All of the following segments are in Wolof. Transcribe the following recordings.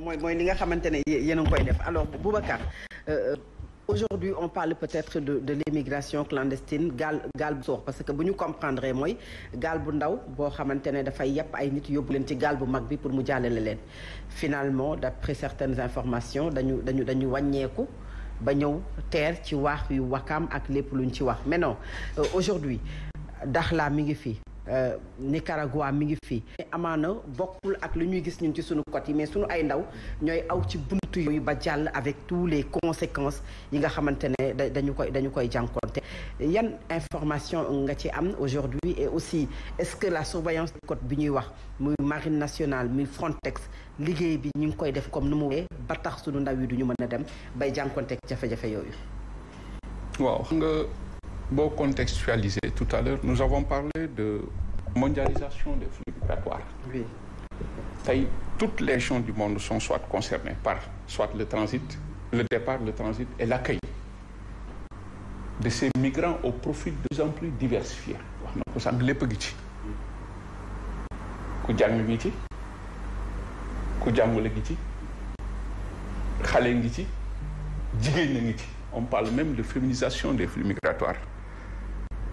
mooy mooy li nga xamante ne yéen koy def alors Boubacar euh, euh, aujourd'hui on parle peut-être de de l'immigration clandestine gaal gaal bu suux parce que bu ñu comprendre mooy gaal bu ndaw boo xamante ne dafay yàpp ay nit yóbbu leen ci gaal bu mag bi pour mu jàllale leen finalement d'après certaines informations dañu dañu dañu wàññeeku ba ñëw teer ci waax yu wakaam ak lépp luñ ci wax mais non euh, aujourd'hui Dakhla mi ngi fii Euh, Nicaragua mi ngi fii amaana bokkul ak lu ñuy gis ñun ci suñu côté yi mais suñu ay ndaw ñooy aw ci bunt yooyu ba jàll avec tous les conséquences yi nga xamante ne dañu koy dañu koy jànkonte yan information nga ci am aujourd'hui et aussi est-ce que la surveillance des bu ñuy wax muy marine nationale muy Frontex liggéey bi ñu ngi koy def comme nu mu wee ba tax suñu ndaw yi duñu mën a dem bay jànkonte jafe-jafe yooyu waaw boo contextualisé tout à l'heure nous avons parlé de mondialisation des flux migratoires oui. toutes les régions du monde sont soit concernées par soit le transit le départ le transit et l'accueil de ces migrants au profit de plus en plus diversifié wax na ko sànq lépp gi ci ku jàng ngi ci ku jàngule gi ci xale ngi ci jigéen na ngi ci on parle même de féminisation des flux migratoires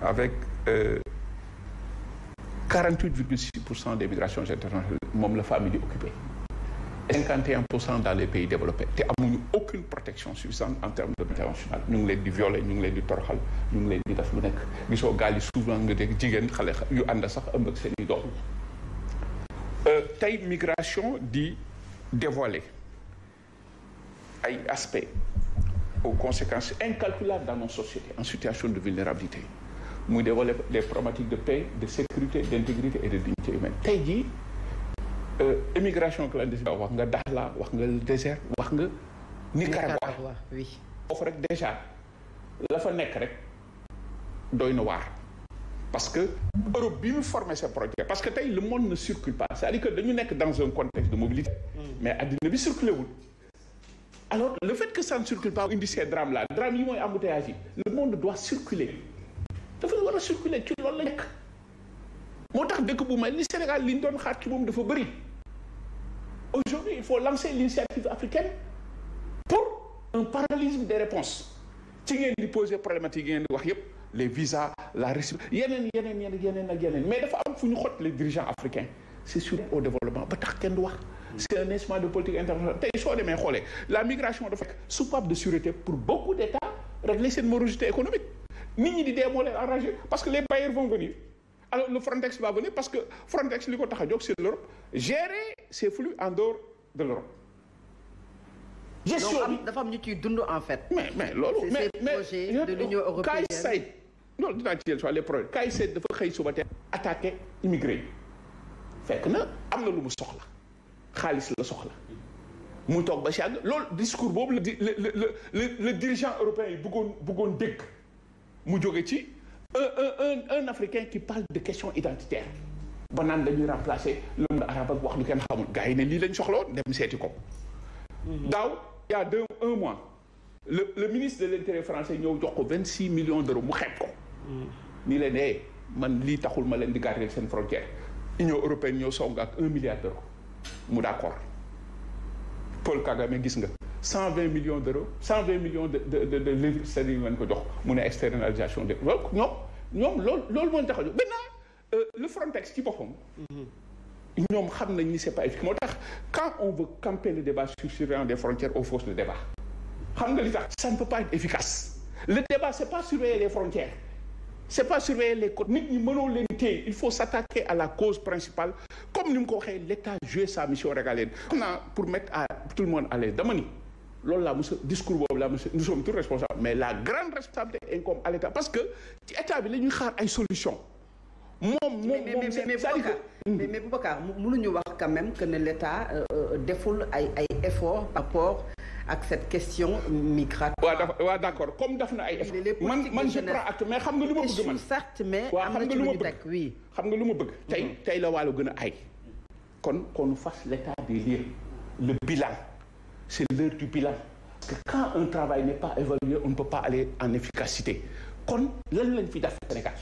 avec euh, quarante huit virgule six pour cent des migrations internationales moom la famille di occupé pour cent dans les pays développés te amuñu aucune protection suffisante en termes de international ñu ngi leen di violer ñu ngi leen di toroxal ñu ngi leen di def lu nekk gisoo gaal yi souvent nga dégg jigéen xale yu ànd sax ëmb seen i doom euh, tey migration di dévoiler ay aspects aux conséquences incalculables dans nos sociétés en situation de vulnérabilité muy développer des problématiques de paix de sécurité d' intégrité et de dignité humaine tey jii émigration euh, clandestine wax nga la wax nga désert wax nga Nicaragua oui foofu rek déjà la fa nekk rek doy na waar parce que Europe bi mu formé ce projet parce que tey le monde ne circule pas c'est-à-dire que dañu nekk dans un contexte de mobilité mm. mais àddina bi circulé wul alors le fait que ça ne circule pas indi ces la là drame yi mooy embouteillage yi le monde dafa war a circuler ci loolu la nekk moo tax dëkk bu mel ni Sénégal li ñu doon xaar ci moom dafa bëri aujourd'hui il faut lancer l'initiative africaine pour un parallélisme des réponses ci ngeen di poser problématique yi ngeen di wax yépp les visas la réciprocité yeneen yeneen yeneen ak yeneen mais dafa am fu ñu xot les dirigeants africains c'est sûr au développement ba tax kenn du wax c'est un instrument de politique internationale tey soo demee xoolee la migration de sûreté pour seen morosité nit ñi di dee moo leen arrangé parce que les bailleurs vont venir alors le Frontex va venir parce que Frontex li ko tax a jóg c'est l'Europe gérer ces flux en dehors de l'Europe dafa am ñu ciy dund en fait. mais mais mais mais projet de l'Union européenne Kaay Saïd non dinaa ci yéen soit dafa xëy suba te attaqué immigré yi fekk na am na lu mu soxla xaalis la soxla mu toog ba si àgg loolu discours boobu la di le le le le dirigeant européen yi bëggoon bëggoon mu jóge ci un un un africain qui parle de question identitaire ba naan dañuy remplacer le monde arabe ak wax lu kenn xamul gars yi ne lii lañ soxloo dem seeti ko. Mhm. daaw il y un mois le le ministre de l'intérieur français ñëw jox ko vingt six millions d'euros mu xeeb ko. Mhm. nii leen eh man lii taxul ma leen di garder seen frontière Union européenne ñëw song ak un milliard d'euros mu d'accord Paul Kagame gis nga cent vingt millions d'euros cent vingt millions de de de de livres sterling yu ngeen ko jox mu ne externalisation de donc ñoom ñoom loolu loolu moo tax a jóg maintenant euh, le Frontex ci boppam. ñoom xam nañ ni c'est pas efficace moo tax quand on veut camper le débat sur surveillance des frontières on fausse le débat. xam nga li tax ça ne peut pas être efficace le débat c'est pas surveiller les frontières c'est pas surveiller les côtes nit ñi mënoo leen téye il faut s'attaquer à la cause principale comme ni mu ko waxee l'État joue sa mission régalienne. xam naa pour mettre à tout le monde à l'aise dama ni. loolu laa monsieur discours boobu laa monsieur nous sommes tous responsables mais la grande responsabilité incombe à l'État parce que ci état bi la ñuy xaar ay solution moom moom moom c'est-à-dire mais mais Boubacar mënuñu wax quand même que ne l'État euh, euh, deful ay ay efforts par rapport ak cette question migratoire. waaw dafa waaw d'accord comme daf na ay efforts man man je prends acte mais xam nga lu ma bëgg man mais am na ci xam nga lu ma bëgg tey mm-hmm. tey la wàllu gën a ay kon qu'on fasse l'état des lieux le bilan c'est l'heure du bilan parce que quand un travail n'est pas évalué on ne pas aller en efficacité kon lan lañ fi def Sénégal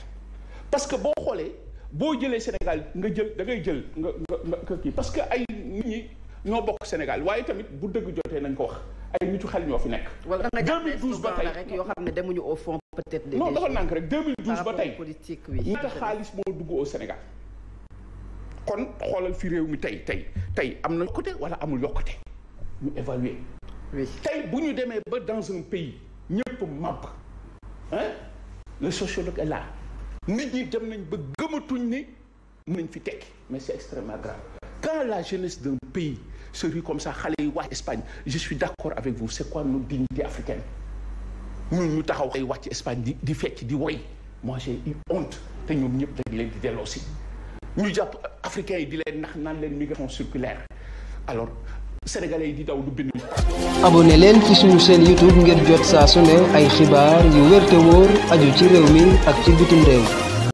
parce que boo xoolee boo jëlee Sénégal nga jël da ngay jël nga nga kii parce que ay nit ñi ñoo bokk Sénégal waaye tamit bu dëgg jotee nañ ko wax ay nitu xel ñoo fi nekk. 2012 ba tey rek yoo xam ne demuñu au fond peut-être. non dafa nànk rek 2012 ba tey politique bi xaalis moo dugg au Sénégal kon xoolal fi réew mi tey tey tey am na yokkute wala amul yokkute. ñu évaluer. oui bu ñu demee ba dans un pays ñëpp màbb hein le sociologue est là nit ñi dem nañ ba gëmatuñ ni mën nañ fi tekk mais c'est extrêmement grave quand la jeunesse d'un pays se rue comme ça xale yi wax Espagne je suis d'accord avec vous c'est quoi notre dignité africaine ñun ñu taxaw xay wax ci Espagne di di ci di woy moi j'ai eu honte te ñoom ñëpp dañ leen di delloosi ñu jàpp africains yi di leen nax naan leen migration circulaire alors sénégalais yi di daw du bind. abonné leen ci suñu chaîne YouTube ngir jot saa su ay xibaar yu wér te aju ci réew mi ak ci bitim réew.